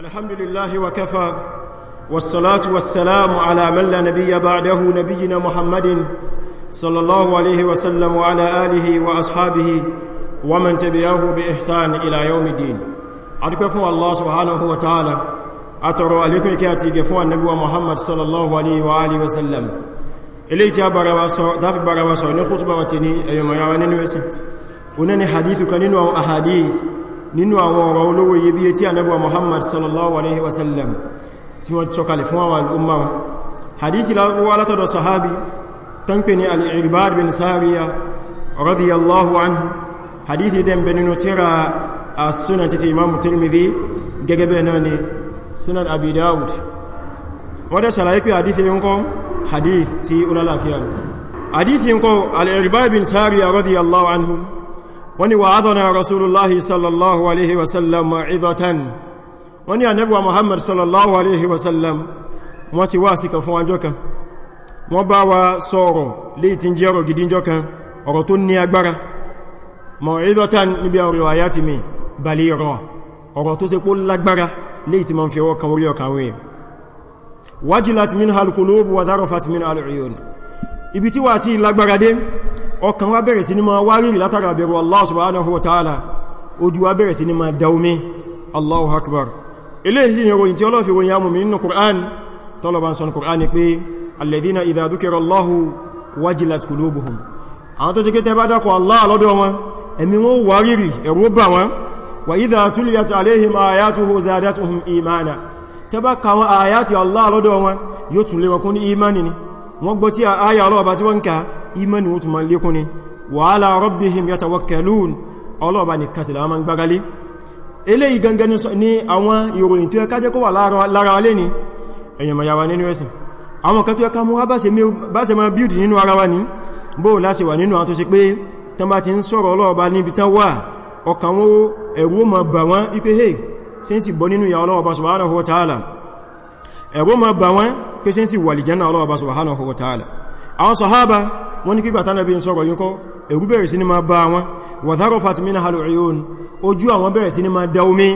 الحمد لله وكفى والصلاة والسلام على من لا نبي بعده نبينا محمد صلى الله عليه وسلم وعلى آله وأصحابه ومن تبعه بإحسان إلى يوم الدين أتكفوا الله سبحانه وتعالى أتروا عليكم كاتي كفوا النبي محمد صلى الله عليه وآله وسلم إلي تابر وصو دافي بر وصو نخطب وتني أيما يوانين وسن ونني حديث كنين وأحاديث nínú àwọn ọ̀rọ̀ olówó iyebíye tí anábíwa muhammad sallallahu alaihi wasallam tí wọ́n ti sọkalẹ̀ fún àwọn al'umma wọn hadithi wá látọ̀dọ̀ sahabi tán pè ní al'irbad bin sariya radiyallahu anhu hadithi dẹ̀mbẹ̀ nínú tíra a sunan títí imamu tirmidhi gẹ́gẹ́ bẹ́ẹ̀ náà ni sunan abi dawud wọ́n dẹ̀ ṣàlàyé pé hadithi ń kọ́ hadith tí ó hadithi ń kọ́ al'irbad bin sariya radiyallahu anhu wọ́n ní wa'adhana rasulullahi sallallahu alaihi wasallam ma'idhatan wọ́n ní ànábì wa muhammad sallallahu alaihi wasallam wọ́n sì wá síkà fún ọjọ́ kan wọ́n bá wa sọ̀rọ̀ léè tí ń jẹ́ ọ̀rọ̀ gidinjọ́ kan ọ̀rọ̀ tó ní agbára ma'idhatan níbi àwọn riwayati mi baligha ọ̀rọ̀ tó ṣe pó lágbára léè ma ń fi ọwọ́ ọkàn wa bẹ̀rẹ̀ sí ní máa wárìrì látara bẹ̀rù Allah subhanahu wa ta'ala ojú wa bẹ̀rẹ̀ sí ní máa daumi Allahu akbar ilé ìsìn ìròyìn tí ọlọ́fi wọ́n yá mú mi nínú Qur'an tọ́lọ̀bán sọ Qur'an ni pé alladhina idha dhukira Allahu wajilat qulubuhum àwọn tó ṣe ké tẹ́bá dákọ̀ Allah lọ́dọ̀ wọn ẹ̀mí wọn wárìrì ẹ̀rù bà wọn wa tuliyat alaihim ayatuhu zadatuhum imana tẹ́bá kàwọn ayati Allah lọ́dọ̀ wọn yóò tún lé wọn kún imani ni wọ́n gbọ́ tí a ayà ọlọ́ọ̀bá tí wọ́n ka imani wọ́n tún ma lékún ni wa ala rabbihim yatawakkalun ọlọ́ọ̀bá ni kásìlá ma ń gbágalé eléyìí gangan ní àwọn ìròyìn tó ẹka jẹ́ kó wà lára alé ni ẹ̀yàn mayawa nínú ẹ̀sìn àwọn kan tó ẹka mú wá bá ṣe ma bíúdì nínú ara wa ní bó láṣe wà nínú àwọn tó ṣe pé tán bá ti ń sọ̀rọ̀ ọlọ́ọ̀bá níbi tán wà ọkàn wọn ẹ̀rù ma bà wọ́n ipé hey ṣe ń sì bọ́ nínú ìyà subhanahu wa ta'ala ẹ̀rù ma bà wọ́n pé ṣe ń sì wà lìjánà subhanahu wa ta'ala àwọn sàhábà wọ́n ní pípà tánàbí ń sọ̀rọ̀ yínkọ́ ẹ̀rù bẹ̀rẹ̀ sí ni máa bá wọn wàtharofat mina halorion ojú àwọn bẹ̀rẹ̀ sí ni máa da omi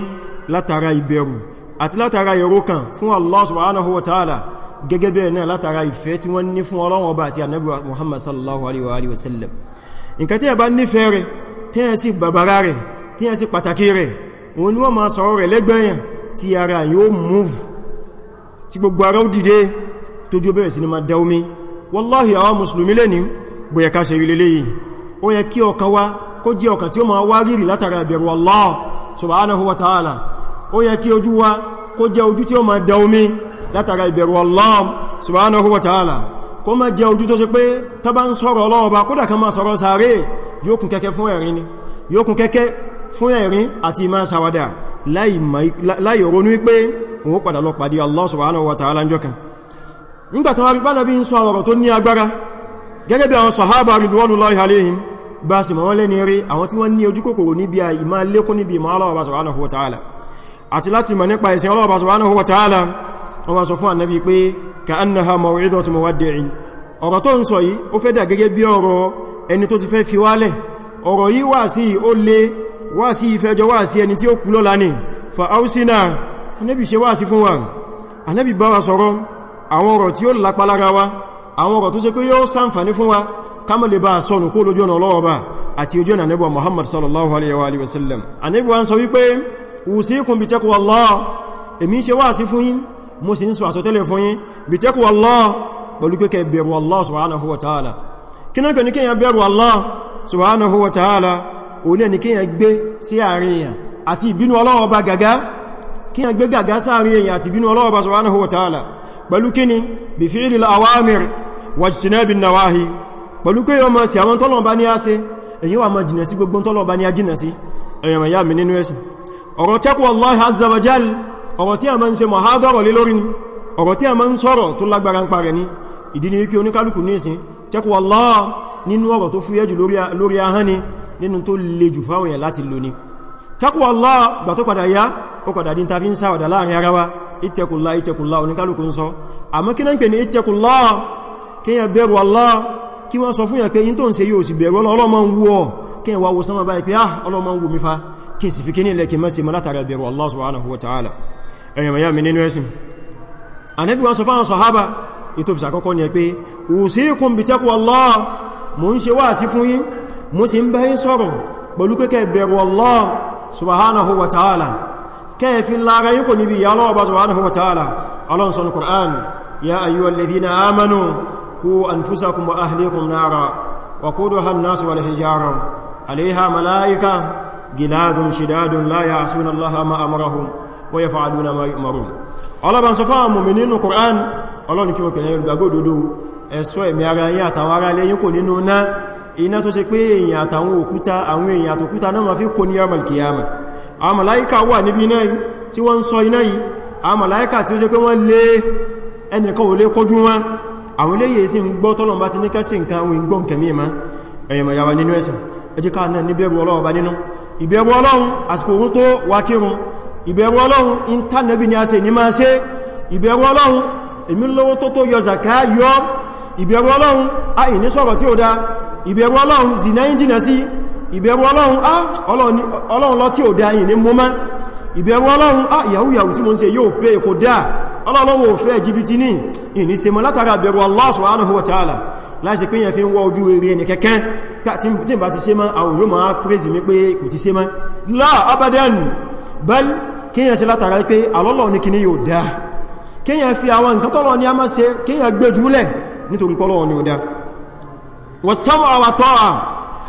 látara ìbẹ̀rù àti látara èrò kan fún Allah wa ta'ala gẹ́gẹ́ bẹ̀rẹ̀ náà látara ìfẹ́ tí wọ́n ní fún Ọlọ́run Muhammad sallallahu alaihi wa sallam nǹkan tí ẹ bá nífẹ̀ẹ́ rẹ̀ tí ẹ sì bàbára rẹ̀ move tí gbogbo ara ó dìde tójú bẹ̀rẹ̀ sí ni máa da omi wallahi àwọn musulmi lẹ́ni bóyẹ ká ṣe rí lélẹ́yìí ó yẹ kí ọkàn wa kó jẹ́ ọkàn tí ó máa wárìrì látara ìbẹ̀rù Allah subhanahu wa ta'ala o yẹ kí ojú wa kó jẹ́ ojú tí ó máa da omi látara ìbẹ̀rù Allah subhanahu wa ta'ala kó má jẹ́ ojú tó ṣe pé tá bá ń sọ̀rọ̀ ọlọ́ọba kódà kan máa sọ̀rọ̀ sáré yóò kún kẹ́kẹ́ fún ẹ̀rín ni Allah subhanahu wa ta'ala jọkan nígbàtí wọ́n rí bá nàbí ń sọ ọ̀rọ̀ tó ní agbára gẹ́gẹ́ bí àwọn sàhábà ridwanullahi alayhim bá sì mọ́ lẹ́ni rí àwọn tí wọ́n ní ojú kòkòrò níbi àìmá lékún níbi ìmọ̀ Allah subhanahu wa ta'ala àti láti mọ̀ nípa ìsìn Allah subhanahu wa ta'ala wọ́n wá sọ fún ànábì pé ka annaha maw'idatu muwaddi'in ọ̀rọ̀ tó ń sọ yìí ó fẹ́ dà gẹ́gẹ́ bí ọ̀rọ̀ ẹni tó ti fẹ́ fi wálẹ̀ ọ̀rọ̀ yìí àwọn ọ̀rọ̀ tí ó lápá lára wa àwọn ọ̀rọ̀ tó ṣe pé yóò ṣàǹfààní fún wa ká má lè bá sọnù kó lójú ọ̀nà Ọlọ́run Ọba àti ojú ọ̀nà Ànábì Muhammad sallallahu alaihi wa sallam Ànábì wa ń sọ wípé usikum bi taqwallah èmi ṣe wáàsí fún yín mo sì ń sọ àsọtẹ́lẹ̀ fún yín bi taqwallah pẹ̀lú pé kẹ́ bẹ̀rù Allah wa ta'ala pẹ̀lú kíni bí fi'lil awamir wa jtinabin nawahi pẹ̀lú pé yọ ma sí àwọn tọ́lọ̀ bá ní á sí èyàn wà ma jìnà sí gbogbo tọ́lọ̀ bá ní á jìnà sí èyàn ya mi nínú ẹ̀sìn ọ̀rọ̀ taqwallahi azza wa jal ọ̀rọ̀ tí a ma ń ṣe mọ̀hádọ́rọ̀ lé lórí ni ọ̀rọ̀ tí a ma ń sọ̀rọ̀ tó lágbára ń ìtẹkùnlá ìtẹkùnlá oníkálùkù ń sọ àmọ́ kí náà ń pè ní ìtẹkùnlá kí yẹn bẹ̀rù Allah kí wọ́n sọ fún yẹn pé yí tó ń ṣe yóò sì bẹ̀rù ọlọ́mọ ń wú ọ kí yẹn wá wo sánmà báyìí pé ah ọlọ́mọ ń wú mi fa kí n sì fi kíní ilẹ̀ kí mọ́ sí mọ́ látara bẹ̀rù Allah subhanahu wa ta'ala ẹ̀yẹ̀ mọ̀ yá mi nínú ẹ̀sìn ànábì wọn subhanahu wa ta'ala kẹfì lára yíkò níbi ìyà Ọlọ́run Ọba subhanahu wa ta'ala Ọlọ́run sọ ní Qur'an ya ayyuhal ladhina amanu ku anfusakum wa ahlikum nara wa quduha an-nas wal hijara alayha malaika giladun shidadun la ya'suna Allaha ma amarahum sọ fáwọn mùmínì nínú Qur'an Ọlọ́run kí wọ́n kìnnà olùgbàgbọ́ òdodo ẹ̀ṣọ́ ẹ̀mí ara yín àtàwọn ará nínú náà iná tó ṣe pé èèyàn àtàwọn òkúta àwọn èèyàn àtòkúta náà ma fi kò ní yamal kiyama àwọn màláíkà wà níbi iná yìí tí wọ́n ń sọ iná yìí àwọn màláíkà tí ó ṣe pé wọ́n lé ẹnìkan ò lè kọjú wọn àwọn iléyè sí ń gbọ́ tọ́lọ̀mbá ti ní kẹ́sì nǹkan àwọn ìgbọ́n kẹ̀mí ma ẹ̀yẹ̀mọ̀ yàwà nínú ẹ̀sìn ẹjẹ́ náà ni a ṣe ní máa ṣe ìbẹ̀rù ọlọ́run èmi lówó tó tó a ìní sọ̀rọ̀ tí ó dá ìbẹ̀rù ọlọ́run zìnà ìbẹ̀rù ọlọ́run á ọlọ́run lọ tí ò dá yìí ní mú má ìbẹ̀rù ọlọ́run á ìyàwó ìyàwó tí mo ń ṣe yóò pé kò dá ọlọ́run ò fẹ́ jìbìtì ní ìní se mọ́ látara bẹ̀rù Allah subhanahu wa ta'ala láìsí pé yẹn fi ń wọ́ ojú eré ẹni kẹ́kẹ́ tí bá ti ṣe mọ́ àwọn yóò máa praise mi pé kò ti ṣe mọ́ láà abadan bal kíyàn ṣe látara pé alọ́lọ́ ní kíní yóò dá kíyàn fi àwọn nǹkan tọ́lọ ní a máa ṣe kíyàn gbé jùlẹ̀ nítorí pọ́lọ́ ní ó dá wọ́n sáwọn àwàtọ́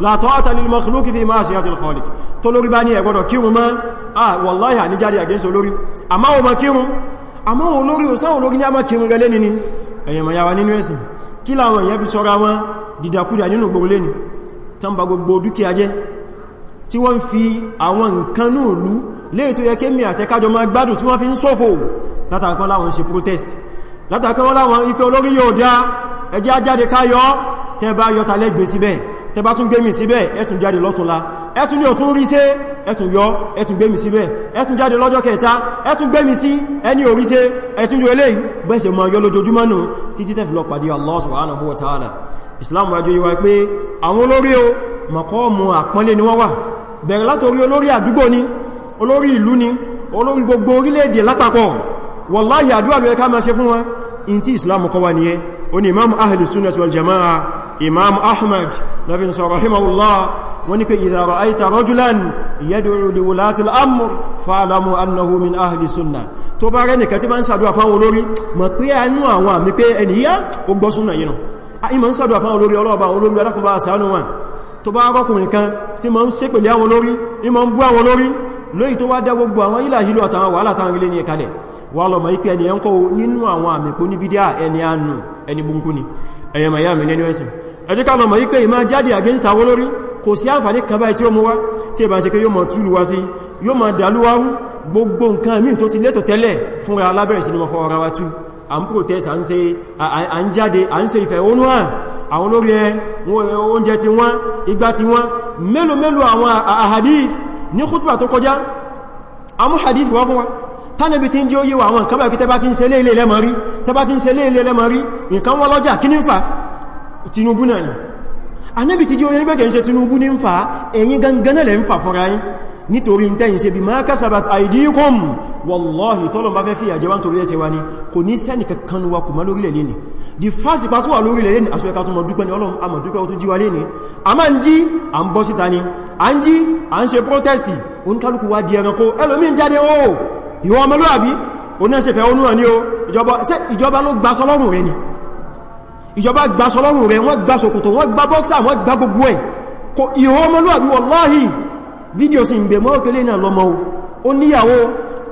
la ta'ata lil makhluqi fi ma'siyati al khaliq tó lórí bá ní ẹ gbọ́dọ̀ kírun mọ́ ah wallahi àní jáde against olórí àmá o ma kírun àmá o lórí o sáwọn olórí ní a ma kírun gẹlẹ́ nini ẹ̀yẹ̀ ma yawa nínú ẹ̀sìn kí láwọn èèyàn fi sọ́ra wọn dìdàkúdà nínú gbogbo lẹ́ni tán ba gbogbo dúkìá jẹ́ tí wọ́n fi àwọn nǹkan náà lú léè tó yẹ kémi àti ẹkájọ ma gbádùn tí wọ́n fi ń ṣòfò látàkọ́ láwọn ṣe protest látàkọ́ tẹ́ bá yọta lẹ́gbẹ̀ẹ́ síbẹ̀ tẹba tún gbé mi síbẹ̀ ẹtùn jáde lọ́túnla ẹtùn ní ọ̀tún rí sé ẹtùn yọ ẹtùn gbé mi síbẹ̀ ẹtùn jáde lọ́jọ́ kẹta ẹtùn gbé mi sí ẹni orí sé ẹtùn yọ eléyìí bẹ́ẹ̀ṣẹ̀ mọ́ yọ lójoojúmọ́ títí tẹ́fì lọ Allah subhanahu Islam wájú yíwa pé o mọ̀kọ́ọ̀mù àpọ́nlé ni wọ́n wà bẹ̀rẹ̀ látorí olórí àdúgbò ni olórí ìlú ni olórí gbogbo orílẹ̀-èdè lápapọ̀ Islam kọ́ ó ní imam ahli sunnah wal jama'a imam ahmad lafin sọ rahimahullah wọ́n ní pé idha ra'ayta rajulan yad'u li wulati al-amr fa'lamu annahu min ahli sunnah tó bá rẹ́ni kàtí bá ń sàdúwà fáwọn olórí mọ̀ pé ẹnu àwọn àmì pé ẹniyá ó gbọ́ súnnà yìí náà ìmọ̀ ń sàdúwà fáwọn olórí ọlọ́ọ̀bá olórí alákùnbá àṣánú wọn tó bá rọ́kùnrin kan tí ma ń sé pẹ̀lú àwọn olórí ìmọ̀ ń bú àwọn olórí lóyí tó wá dá gbogbo àwọn ilà ìlú àtàwọn wàhálà tàwọn ilé ní ẹ̀kalẹ̀ wà lọ mọ̀ ìpẹ́ ẹni ẹ̀ńkọ́ nínú àwọn àmì pò ní bídíà ẹni àánú ẹni burúkú ni ẹ̀yẹ ma yá mi nínú ẹ̀sìn ẹ ká mọ̀ wípé ìmá jáde against àwọn olórí kò sí àǹfàní kan báyìí tí ó mú wá tí ìbá ṣe pé yóò mọ̀ túlù wá sí yóò mọ̀ dàlúwárú gbogbo nǹkan míì tó ti létò tẹ́lẹ̀ fúnra alábẹ̀rẹ̀ sí ni wọ́n fọ́ra wa tú à ń protest à ń ṣe à ń hadith wá fún tánàbí tí ń jí ó yíwa àwọn nǹkan báyìí tẹbá ti ń ṣe léèlé lẹ́mọ̀ rí tẹbá ti ń ṣe léèlé lẹ́mọ̀ rí nǹkan wọ́n lọ́jà kí ní ń fa Tinubu náà ni anábì tí jí ó yẹ́gbẹ̀kẹ́ ń ṣe Tinubu ní ń fa ẹ̀yin gangan ń fa fúnra yín nítorí tẹ́ ń bí máa ni kò wa kùmá lórílẹ̀ di fàtí pàtó wà lórílẹ̀ lẹ́ni aṣọ ẹka tó mọ̀ dúpẹ́ ni ọlọ́run a mọ̀ dúpẹ́ ó tún jí protesti oníkálukú wa di ẹranko ẹlòmí ìwọ ọmọlúwàbí oníṣẹ́fẹ́ onúwà ní o ìjọba ló gbá sọlọ́rùn rẹ ni ìjọba gbá sọlọ́rùn rẹ wọ́n gbá ṣòkòtò wọ́n gbá bọ́ksà wọ́n gbá gbogbo ẹ̀ kò ìwọ ọmọlúwàbí wallahi fídíò sí ìgbẹ̀ mọ́ òkèlé náà lọ́mọ ó níyàwó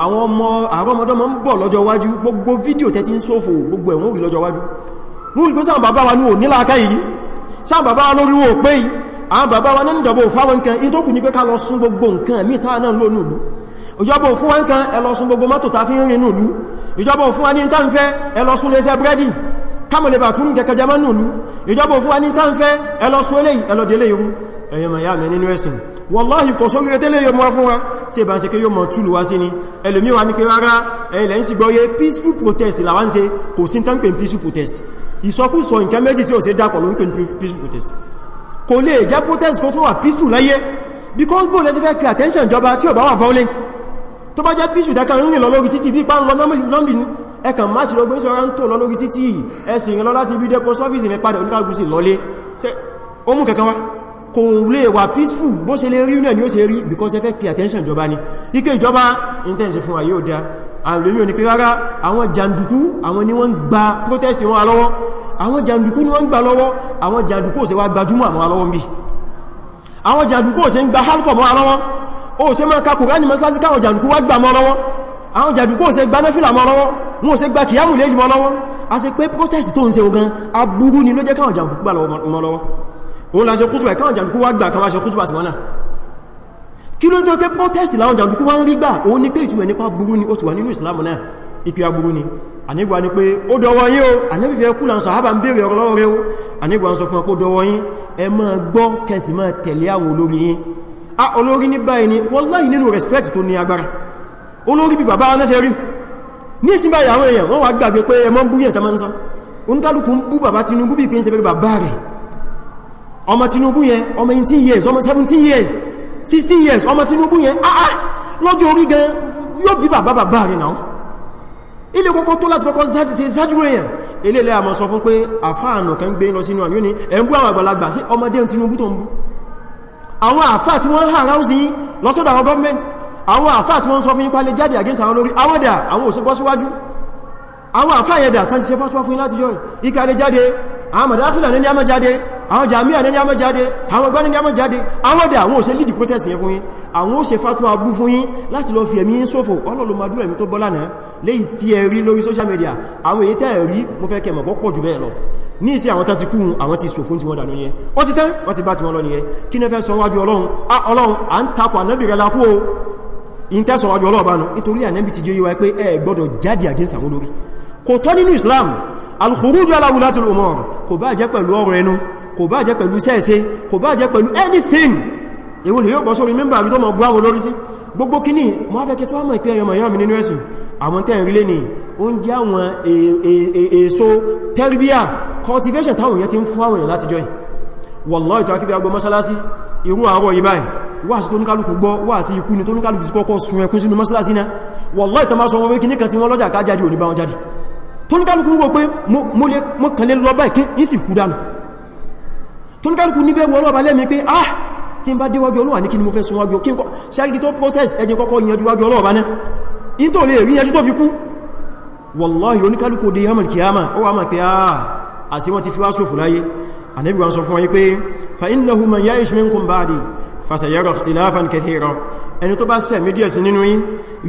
àwọn ọmọ àrọ́mọdọ́mọ ń bọ̀ lọ́jọ́ wájú gbogbo fídíò tẹ́ ti ń sófò gbogbo ẹ̀wọ̀n òrì lọ́jọ́ wájú mú ìgbé sáà bàbá wa ní ò níláàká yìí sáà bàbá wa lórí wọn ò pé yìí àwọn bàbá wa náà ń dọ̀bọ̀ fáwọn nǹkan ìtókù ní pé ká lọ sún gbogbo nǹkan mí táà náà lónìí ìjọba òfún wa ń kan ẹlọ́sùn gbogbo mọ́tò ta fi ń rìn nùlú ìjọba òfún wa ní ìta ń fẹ́ ẹlọ́sùn lè ṣẹ́ búrẹ́dì kámọ̀lẹ̀bà tún kẹkẹ jẹmọ́ nùlú ìjọba òfún wa ní ìta ń fẹ́ ẹlọ́sùn eléyìí ẹlọ́dẹ̀lẹ́ yòó ẹ̀yẹ mọ̀ ya mẹ́ nínú ẹ̀sìn wọ́láhì kò só gẹ́gẹ́ tẹ́lẹ̀ yóò mọ́ fún wa tí ẹ̀bà ṣe kí yóò mọ̀ túlù wá sí ni ẹlòmí wa ní pé rárá ẹ̀lẹ̀ peaceful protest làwá ń ṣe kò sí tán pè peaceful protest ìsọkúsọ nǹkan méjì tí ó ṣe dápọ̀ ló ń pè peaceful protest kò lè jẹ́ protest kó tún wà peaceful because bó lẹ́sí fẹ́ kí attention jọba tí ò bá wà violent tó bá jẹ́ píṣù dákan rìn lọ lórí títì bí pa ń lọ lọ́mbì ní ẹkàn máa ṣe lọ́gbọ́n ìṣọ́ra ń tó lọ lórí títì ẹ̀sìn lọ láti ibi dẹ́pọ̀ sọ́fíìsì ní padà oníkàgùsì lọlé ṣe ó mú kankan wá kò lè wà peaceful bó ṣe lè rí náà ni ó ṣe rí because ẹ fẹ́ pay attention ìjọba ni ike ìjọba intense fún ayé òdá àlèmí ò ní pé rárá àwọn jàǹdùkú àwọn ni wọ́n ń gba protest wọn lọ́wọ́ àwọn jàǹdùkú ni wọ́n ń gba lọ́wọ́ àwọn jàǹdùkú ò ṣe wá gbajúmọ̀ àwọn alọ́wọ́ mi àwọn jàǹdùkú ò ṣe ń gba hardcore mọ́ alọ́wọ́ ó ṣe máa ka kùránì mọ́sálásí káwọn jàǹdùkú wá gbà mọ́ lọ́wọ́ àwọn jàǹdùkú ò ṣe gbá náfìlà mọ́ lọ́wọ́ wọn ò ṣe gbá kìyàmù lè mọ́ lọ́wọ́ a ṣe pé protest tó ń se ogan aburú ni ló jẹ́ káwọn jàǹdùkú gbà mọ́ lọ́wọ́ òun la ṣe kútùbà káwọn jàǹdùkú wá gbà káwọn ṣe kútùbà tí wọ́n náà kí ló tó pé protest o àníbì fẹ́ kú lànsọ̀ àbá ń o ànígbà ń sọ fún ọpọ̀ dọwọ́ yín ẹ máa gbọ́ kẹsì máa tẹ̀lé àwọn a ah, olórí ní báyìí ni wallahi nínú respect tó ní agbára olórí bí bàbá ọ̀nẹ́sẹ̀ rí ní ìsìn báyìí àwọn èèyàn wọ́n wá gbàgbé pé ẹmọ́ ń búyẹ̀ tẹ́mọ́ ń sọ oníkálùkù ń bú bàbá Tinubu bí pé ń bàbá rẹ̀ ọmọ Tinubu yẹn ọmọ years ọmọ 17 years 16 years ọmọ Tinubu yẹn ah ah lọ́jọ́ gan yóò bí bàbá bàbá rẹ̀ náà ilé kọ́kọ́ tó láti kọ́kọ́ ṣe ṣájú èèyàn ilé ilẹ̀ àmọ́ sọ fún pé àfáànà kan gbé lọ sínú àmì ó àwọn àfáà tí wọ́n hàrá sí lọ́sọ́dọ̀ àwọn gọ́ọ̀mẹ́ntì àwọn àfáà tí wọ́n sọ fún yípa lè jáde against àwọn olórí àwọn dà àwọn òsìn bọ́síwájú àwọn àfáà yẹ̀dà tàbí ṣe fatuwa fún yín láti jọ ìkà lè jáde àwọn mọ̀dákùnlẹ̀ ní ní àmà jáde àwọn jàmíà ní àmọ́ jáde àwọn ọgbọ́n ní àmọ́ jáde àwọn ọdẹ àwọn òṣè lead protest yẹn fún yín àwọn òṣè fatuwa bú fún yín láti lọ fi ẹ̀mí yín ṣòfò ọlọ́lọ́mọdún ẹ̀mí tó bọ́lá náà léyìí tí ẹ rí lórí social media àwọn èyí tẹ́ mo fẹ́ kẹmọ̀ pọ̀ jù bẹ́ẹ̀ lọ ní ìsí àwọn tán ti kú àwọn ti ṣòfò tí wọ́n dànú yẹn wọ́n ti tán wọ́n ti bá ti wọ́n lọ nìyẹn kí ní fẹ́ sọ wájú ọlọ́run a ah, ọlọ́run à ń takọ̀ ànábì o in tẹ́ sọ wájú ọlọ́ọ̀bánu nítorí ànábì ti jẹ́ yíwa pé ẹ gbọ́dọ̀ jáde against àwọn olórí alkhuruj ala wulati al-umur kò bá jẹ́ pẹ̀lú ọ̀rọ̀ ẹnu kò bá jẹ́ pẹ̀lú sẹ́ẹ̀sẹ́ kò bá jẹ́ pẹ̀lú anything èwo lè yóò bọ́ sórí mẹ́mbà àbí tó mọ̀ búwá olórí sí gbogbo kíní mọ́ afẹ́kẹ́ tó wá mọ̀ ìpé ẹyọmọ ìyọ́mì nínú ẹ̀sìn àwọn tẹ́ ìrìlẹ̀ ni ó ń jẹ́ àwọn e, e, e, èso tẹ́rbíà ti ń fún àwọn èèyàn láti jọyìn wallahi ìtọ́ akíbẹ̀ agbọ́ mọ́sálásí irú àárọ̀ yìí báyìí wà sí tóníkálùkù gbọ́ wà sí ikú ni tóníkálùkù sí kọ́kọ́ sun ẹkún sínú mọ́sálásí náà wallahi ìtọ́ máa kí ní kan wọ́n lọ́jà ká jáde jáde tóníkálùkù wò pé mo kànlẹ̀ lọ báyìí kí sì kú dánù tóníkálùkù níbẹ̀ wọ́n lọ́ba lẹ́mi pé ah tí n bá déwájú Ọlọ́run ní kí ni mo fẹ́ sun wájú kí n kọ́ ṣáàkì tó protest ẹjẹ kọ́kọ́ yanjú wájú Ọlọ́run náà in tó lè rí yanjú tó fi kú wallahi oníkálùkù dé yamal kiyama ó wà máa ah, pé fa innahu man ya'ish minkum fàṣẹ̀yẹ́rọ̀ ikhtilafan kathira ẹni tó bá sẹ̀ mídíẹ̀ sí nínú yín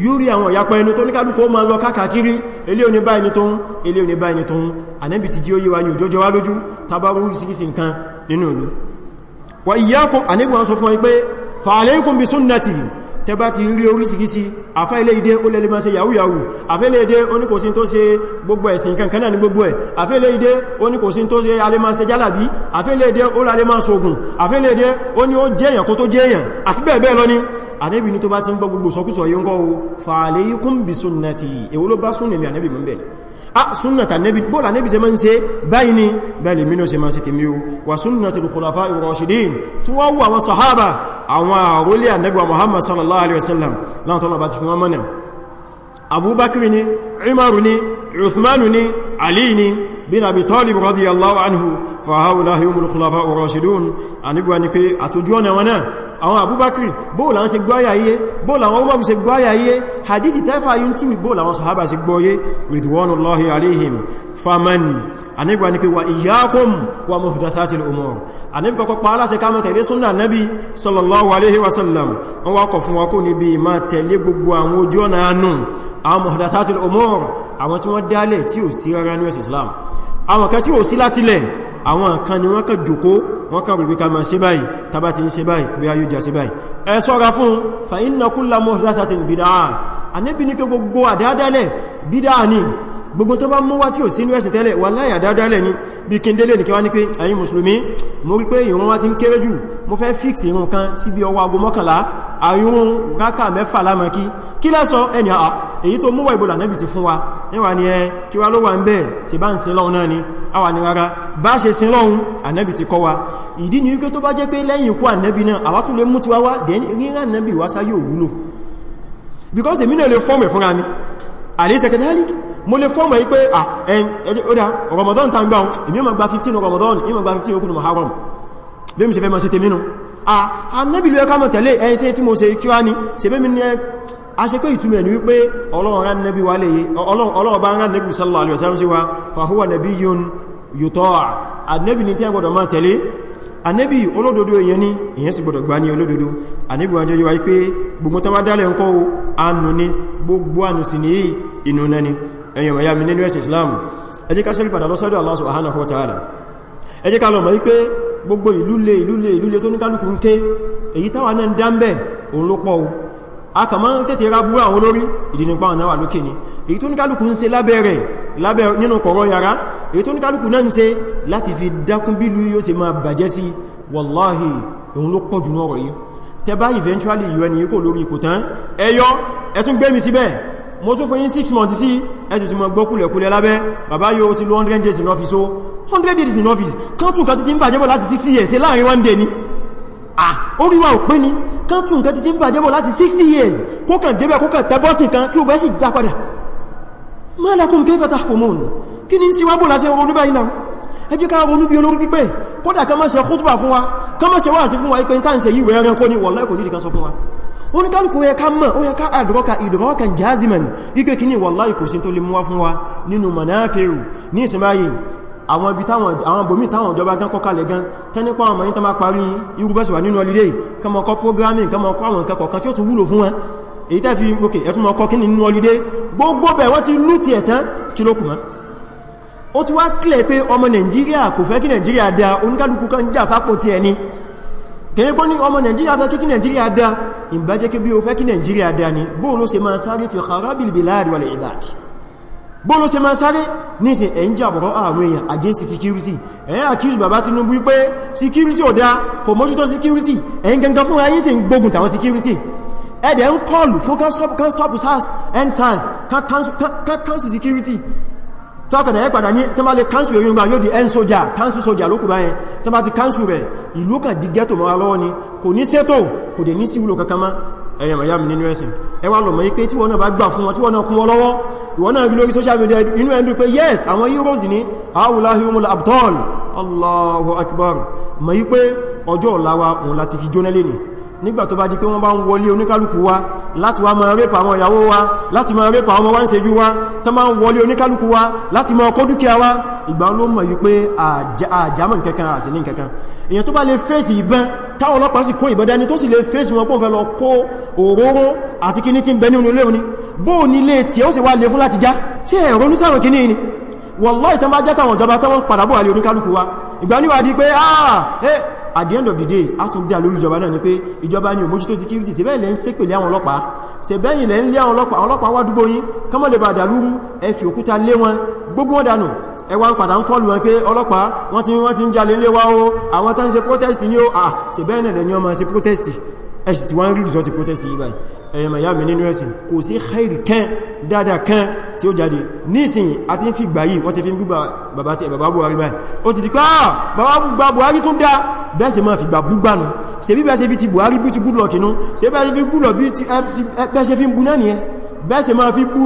yóò rí àwọn ìyapa ẹni tó ní kálùkù ó ma lọ káàkiri ilé òní bá ẹni tó ń ilé òní bá tó ń Ànábì ti jí ó yíwa ní òjòjò wá lójú tabarú tẹba ti rí orísìírísí àfá ilé ìdé ó lẹ́lẹ́ máa ṣe yahoo yahoo àfẹ́ ilé ìdé ó ní kò sí tó ṣe gbogbo ẹ̀sìn kankan náà ní gbogbo ẹ̀ àfẹ́ ilé ìdé ó ní kò sí tó ṣe alẹ́ máa ṣe jálàbí àfẹ́ ilé ìdé ó lálẹ́ máa ṣogun àfẹ́ ilé ìdé ó ní ó jẹ́ èèyàn kó tó jẹ́ èèyàn àti bẹ́ẹ̀ bẹ́ẹ̀ lọ ni ànábì ní tó bá ti ń gbọ́ gbogbo sọkúsọ yóò ń kọ́ ah sunnata nabi bọ́lá nabi ṣe máa ń ṣe báyìí ni báyìí lèmi náà ṣe máa ṣe tèmi o wà sunnati al-khulafa'i ar-rashidin tí wọ́n wù àwọn sahaba àwọn àrólé ànábì wa muhammad sallallahu alaihi wasallam láwọn tọ́lọ̀ bá fi wọ́n mọ́nà ni umaru ni uthmanu ni ali ni bin abi talib radiyallahu anhu fa haula humul khulafa ar-rashidun anigba ní pé àtọ́jú ọ̀nà wọn náà àwọn abubakar bó làwọn ṣe gbọ́ ayaye bó làwọn umar ṣe gbọ́ ayaye hadithi taifa yun tí bó làwọn sahaba ṣe gbọ́ye ridwanullahi alaihim faman anigba ní pé wa iyyakum wa muhdathatil umur anigba kọ́kọ́ pa aláṣẹ ká máa tẹ̀lé súnnà nabi sallallahu alaihi wasallam wọ́n wá kọ̀ fún wa kó níbi máa tẹ̀lé gbogbo àwọn ojú ọ̀nà anú àwọn muhdathatil umur àwọn tí wọ́n dálẹ̀ tí ò sí rárá ní ẹ̀sìn Islam àwọn kan tí ò sí látilẹ̀ àwọn kan ni wọ́n kàn jòkó wọ́n kàn rùgbé ká ma ṣe báyìí tàbá ti ń ṣe báyìí bí ayó jà ṣe báyìí ẹ sọ́ra fún fa inna kulla muhdathatin bid'ah anẹ́bí ní pé gbogbo àdádálẹ̀ bid'ah ni gbogbo tó bá mú wá tí ò sínú ẹ̀sìn tẹ́lẹ̀ wà láyà dáadáalẹ̀ ní bí kí n délé nìkẹwà ní pé ẹ̀yin mùsùlùmí mo rí pé ìrun wa ti ń kéré jù mo fẹ́ fíksì ìrun kan sí bí ọwọ́ agogo àyún rákà mẹ́fà lámọ́kí kí lẹ́sọ ẹni àà èyí tó múwà ìbòlà nẹ́bì ti fún wa níwà ni ẹ kí wá ló wà ń bẹ́ẹ̀ ṣe bá ń sin lọ́hun náà ni a wà ní rárá bá ṣe sin lọ́hun ànẹ́bì ti kọ́ wa ìdí ni wípé tó bá jẹ́ pé lẹ́yìn ikú ànẹ́bì náà àwa tún lè mú ti wá wá dẹ̀ ríra ànẹ́bì wá sáyé òwúlò because èmi náà lè fọ́ọ̀mù ẹ̀ fúnra mi àlẹ́sẹ̀ kẹtàlík mo lè fọ́ọ̀mù yí pé ah Ramadan tàbí àwọn èmi ma gba 15 Ramadan èmi ma gba 15 okùnù Muharram bí mi ṣe fẹ́ ma ṣe tèmínú anábì ló yẹ ká mọ̀ tẹ̀lé ẹ̀yìn sí tí mo ṣe kí wá ní ṣe bẹ́ mi ní a ṣe pé ìtumẹ̀ ní wípé Ọlọ́run bá rán nẹ́bí sallallahu alaihi wasallam sí wa fahuwa nabiyyun yutaa anẹ́bì ní tí a gbọ́dọ̀ máa tẹ̀lé anẹ́bì olódodo èyàn ní ìyẹn sì gbọ́dọ̀ gbá ní olódodo anẹ́bì wọn jẹ́ yíwa wípé gbogbo tó bá dálẹ̀ ǹkọ́ anù ní gbogbo anù sí ní inú nẹni ẹ̀yàn wáyá mi nínú ẹ̀sìn Islam ẹ jẹ́ ká sẹ́lẹ̀ padà lọ sọ́dọ̀ Allah subhanahu wa ta'ala ẹ jẹ́ ká lọ gbogbo ìlúlé ìlúlé ìlúlé tó ní kálùkù ń ké èyí táwà náà ń dámbẹ̀ òun ló pọ̀ o a kà máa ń tètè rábúrú àwọn olórí ìdínipá ọ̀nà wà lókè ni èyí tó ní kálùkù ń ṣe lábẹ́ rẹ̀ lábẹ́ nínú kọ̀rọ̀ yàrá èyí tó ní kálùkù náà ń ṣe láti fi dákún bí ìlú yóò ṣe máa bàjẹ́ sí wàláhì eventually yọ ẹni kò lórí ipò tán ẹyọ ẹ tún gbé mi síbẹ̀ mo tún fún yín 6 months sí ẹ tún 100 days in office kan tún kan ti tin bàjẹ́ bọ̀ láti 60 years ṣe láàrin one day ni ah orí wa ò pé ni kan tún kan ti tin bàjẹ́ bọ̀ láti 60 years kó kàn débẹ̀ kó kàn tẹ button kan kí o bẹ́ sì dá padà ma lakum kayfa tahkumun kíni si wa bo la ṣe ronú báyìí náà ẹ jẹ́ ká ronú bí olórí pípé kódà kan má ṣe khutba fún wa kan má ṣe wá sí fún wa ipe ntan ṣe yi wẹran kò ní wallahi kò ní kan sọ fún wa oni kan ko yẹ ká mọ̀ ó yẹ ká adroka idroka jaziman ipe kíni wallahi kò sin tó lè mú wá fún wa nínú manafi'u ni àwọn ibi táwọn àwọn bòmí táwọn ìjọba gán kọ́kàlẹ̀ gan tẹ́nípa àwọn mọ̀yí tó máa parí irúgbẹ́sì wà nínú ọlílé kọmọ kọ́ programming kọmọ kọ́ àwọn nǹkan kọ̀kan tí ó tún wúlò fún wọn èyí tẹ́ fi ok ẹ̀túnmọ̀ kọ́ kí nínú ọlílé gbogbo bẹ̀ wọ́n ti lú ti ẹ̀tán kí ló kùnmọ́ ó ti wá kílẹ̀ pé ọmọ nàìjíríà kò fẹ́ kí nàìjíríà da oníkálukú kan jà sápò ti ẹni kìí kó ní ọmọ nàìjíríà fẹ́ kí nàìjíríà da ìbájẹ́ kí bí o fẹ́ kí nàìjíríà da ni bóò ló ṣe máa sáré fi kharabili bilad wal ibad bóòlò ṣe máa sáré nísìn ẹ̀ ń jàbọ̀rọ̀ àwọn èèyàn against security ẹ̀ accused bàbá Tinubu wípé security ò dáa kò mójútó security ẹ̀ ń gangan fún ayé sì ń gbógun tàwọn security ẹ̀dẹ̀ ń kọlù fún can stop SARS and SARS can cancel security tọ́kàdà ẹ padà ní tán bá lè kánsù èyí ìgbà yóò di ẹn sójà kánsù sójà lókù báyẹn tán bá ti kánsù rẹ̀ ìlú kan di gẹ́tò ni kò ní sétò ẹ̀yàn màyà mi nínú ẹ̀sìn ẹ wá lọ mọ̀ pé tí wọ́n náà bá gbà fún wọn tí wọ́n náà kún wọn lọ́wọ́ ìwọ́n náà rí lórí social media inú ẹ̀ndù pé yes àwọn heroes ní awulahimul abdol allahu akbar mọ̀ yí pé ọjọ́ ọ̀láwa òun láti fi jóná lẹ́ni nígbà tó bá di pé wọ́n bá ń wọlé oníkálùkù wa láti wá máa rẹ́pà àwọn ìyàwó wa láti máa rẹ́pà àwọn wá ń ṣẹ́jú wa tó máa ń wọlé oníkálùkù wa láti máa kó dúkìá táwọn ọlọ́pàá sì kó ìbọn dání tó sì lè fèsì wọn pọ́n fẹ́ kó òróró àti kíní tí ń bẹ nínú ilé òní bóò ní ilé tí ó sì wá lè fún láti já ṣe ẹ̀rọ ní sáàrùn kíní ni wallahi ìtàn ìjọba ah, at the end of the day a tún dá lórí ìjọba náà ni pé ìjọba ni òmójútó security ṣe bẹ́ẹ̀ ẹwà ń padà ń kọlù wọn pé ọlọ́pàá wọ́n ti wọ́n ti ń jalè nílé wa o àwọn tán ṣe protest ní o à ṣe bẹ́ẹ̀ nẹ̀lẹ̀ ní ọmọ ṣe protest ẹ̀sì tí wọ́n rí result protest yìí báyìí ẹ̀yẹ màyà mi nínú ẹ̀sìn kò sí khairi kẹ́ dáadáa kẹ́ tí ó jáde nísìn àti fi gbà yìí wọ́n ti fi ń gbúgbà bàbá tí bàbá Buhari báyìí ah bàbá gbà Buhari tún dá bẹ́ẹ̀ ṣe máa fi gbà búgbà nù ṣe bí bẹ́ẹ̀ ṣe fi ti Buhari bí ti good luck inú ṣe bẹ́ẹ̀ ṣe fi good luck bí ti bẹ́ẹ̀ ṣe fi ń bú náà nìyẹn bẹ́ẹ̀ ṣe máa fi bú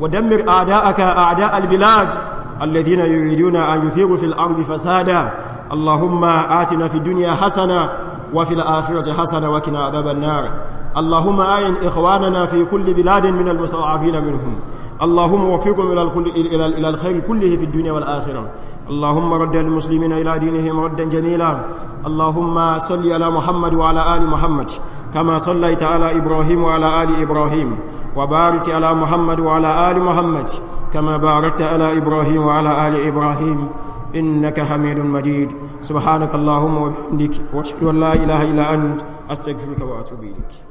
ودمر أعداءك أعداء البلاد الذين يريدون أن يثيروا في الأرض فسادا اللهم آتنا في الدنيا حسنة وفي الآخرة حسنة وكنا عذاب النار اللهم آين إخواننا في كل بلاد من المستضعفين منهم اللهم وفقهم إلى, إلى الخير كله في الدنيا والآخرة اللهم رد المسلمين إلى دينهم ردا جميلا اللهم صل على محمد وعلى آل محمد كما صليت على إبراهيم وعلى آل إبراهيم وبارك على محمد وعلى آل محمد كما باركت على إبراهيم وعلى آل إبراهيم إنك حميد مجيد سبحانك اللهم وبحمدك واشهد أن لا إله إلا أنت أستغفرك وأتوب إليك